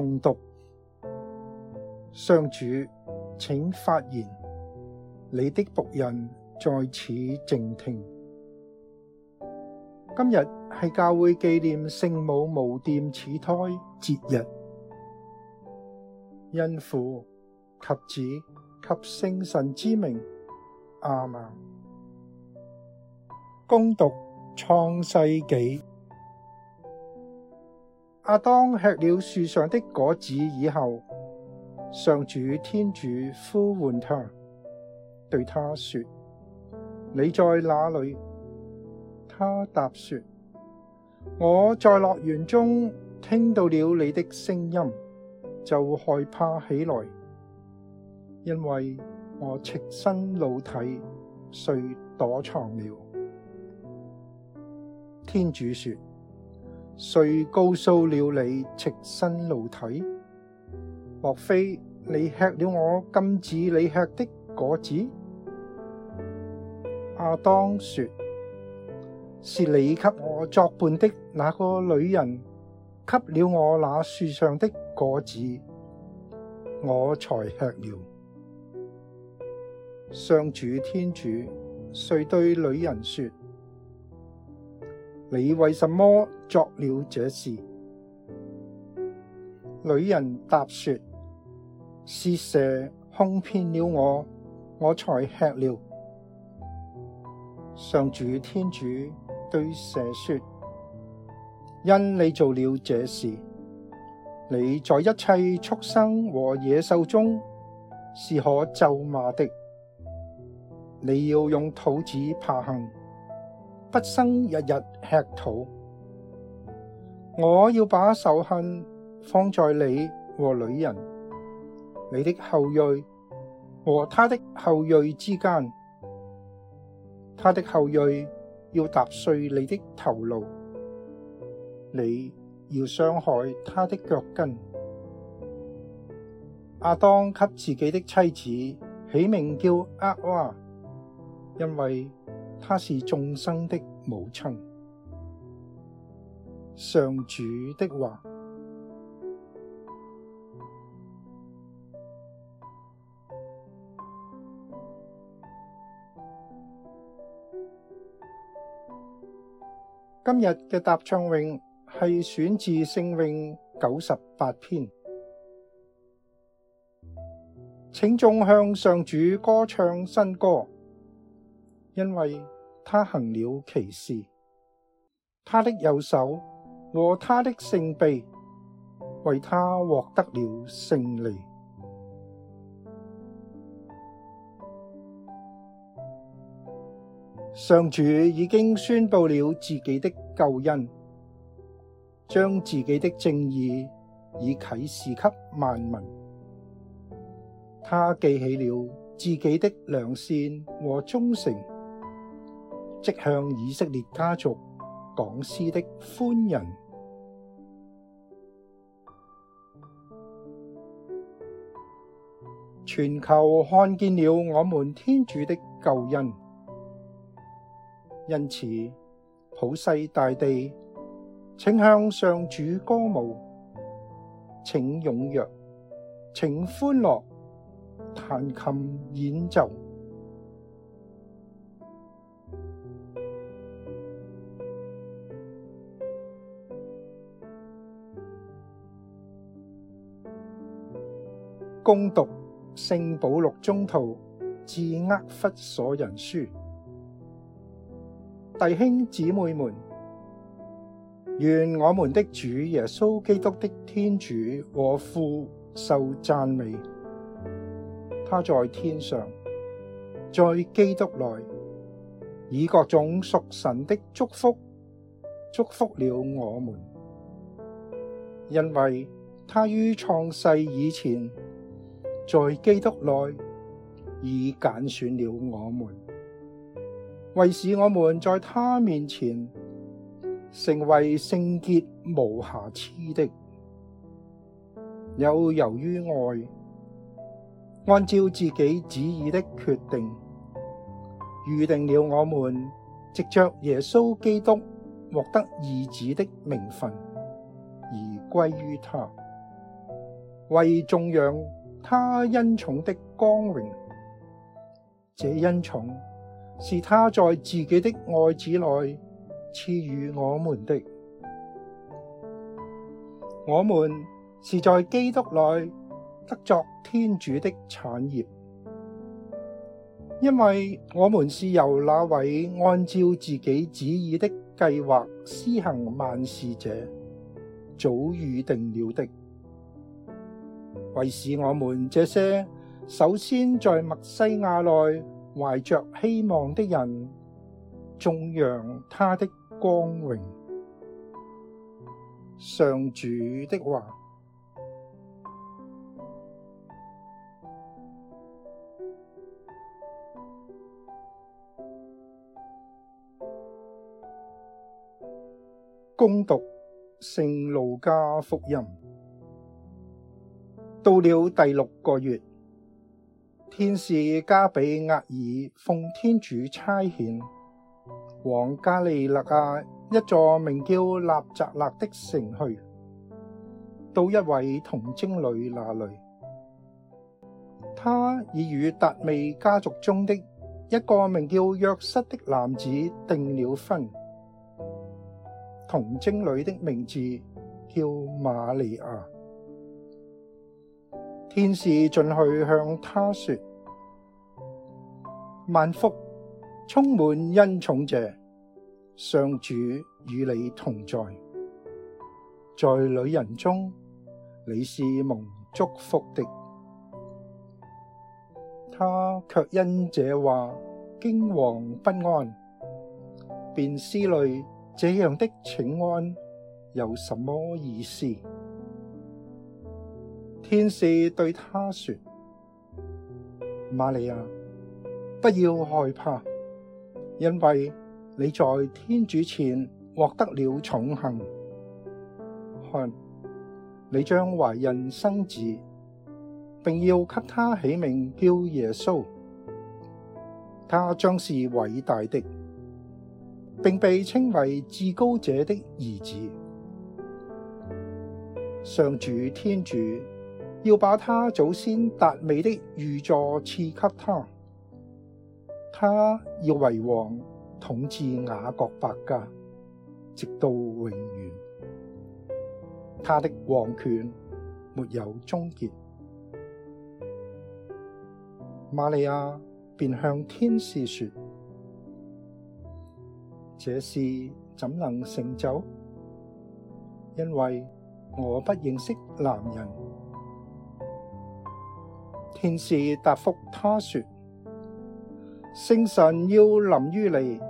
誦讀，上主，請發言，你的僕人在此靜聽。今日係教會紀念聖母無玷始胎節日，因父及子及聖神之名，阿們。恭讀創世紀。亞當吃了樹上的果子以後，上主天主呼喚他，對他說：你在哪裏？他答說：我在樂園中聽到了你的聲音，就害怕起來，因為我赤身露體，遂躲藏了。天主說。誰告訴了你，赤身露體？莫非你吃了我禁止你吃的果子？亞當說：是你給我作伴的那個女人，給了我那樹上的果子，我才吃了。上主天主，遂對女人說？你為什麼作了這事？女人答說：是蛇哄騙了我，我才吃了。上主天主對蛇說：因你做了這事，你在一切畜生和野獸中是可咒罵的。你要用肚子爬行。畢生日日吃土，我要把仇恨放在你和女人，你的後裔和她的後裔之間。她的後裔要踏碎你的頭顱，你要傷害他的腳跟。亞當給自己的妻子起名叫厄娃，因為。她是眾生的母親。上主的話，今日嘅答唱詠係選自聖詠九十八篇，請眾向上主歌唱新歌，因為。他行了奇事，他的右手和他的聖臂，為他獲得了勝利。上主已經宣佈了自己的救恩，將自己的正義已啟示給萬民。他記起了自己的良善和忠誠。即向以色列家族廣施的寬仁，全球看見了我們天主的救恩，因此，普世大地請向上主歌舞，請踴躍，請歡樂，彈琴演奏。恭讀《聖保祿宗徒致厄弗所人書》，弟兄姊妹們，願我們的主耶穌基督的天主和父受讚美。他在天上，在基督內，以各種屬神的祝福，祝福了我們，因為他於創世以前。在基督內已揀選了我們，為使我們在他面前成為聖潔無瑕疵的，又由於愛，按照自己旨意的決定，預定了我們，藉着耶穌基督獲得義子的名分，而歸於他，為頌揚。他恩寵的光榮，這恩寵是他在自己的愛子內賜予我們的。我們是在基督內得作天主的產業，因為我們是由那位按照自己旨意的計劃施行萬事者早預定了的。為使我們這些首先在默西亞內懷着希望的人，頌揚他的光榮。上主的話。恭讀聖路加福音。到了第六個月，天使加俾額爾奉天主差遣，往加里肋亞一座名叫納匝肋的城去，到一位童貞女那裏，她已與達味家族中的一個名叫若瑟的男子訂了婚。童貞女的名字叫瑪利亞。天使進去向他說：萬福，充滿恩寵者，上主與你同在。在女人中，你是蒙祝福的。他卻因這話驚惶不安，便思慮這樣的請安有什麼意思。天使對他說：瑪利亞，不要害怕，因為你在天主前獲得了寵幸。看，嗯，你將懷孕生子，並要給他起名叫耶穌。他將是偉大的，並被稱為至高者的兒子。上主天主。要把他祖先達味的御座賜給他，他要為王統治雅各伯家，直到永遠。他的王權沒有終結。瑪利亞便向天使說：這事怎能成就？因為我不認識男人。天使答覆她說：聖神要臨於你，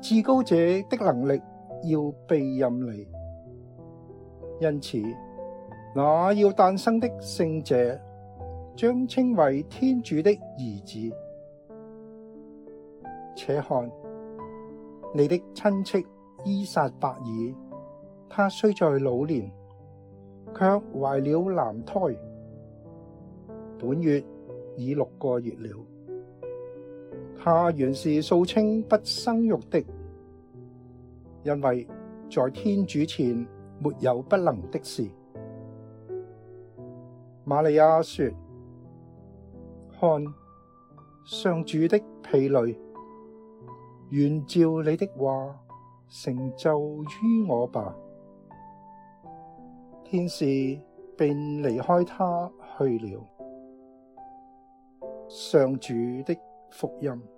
至高者的能力要庇蔭你，因此，那要誕生的聖者將稱為天主的兒子。且看，你的親戚依撒伯爾，她雖在老年，却懷了男胎。本月已六個月了。她原是素稱不生育的，因為在天主前沒有不能的事。瑪利亞說：看，上主的婢女，願照你的話成就於我吧。天使便離開她去了。上主的福音。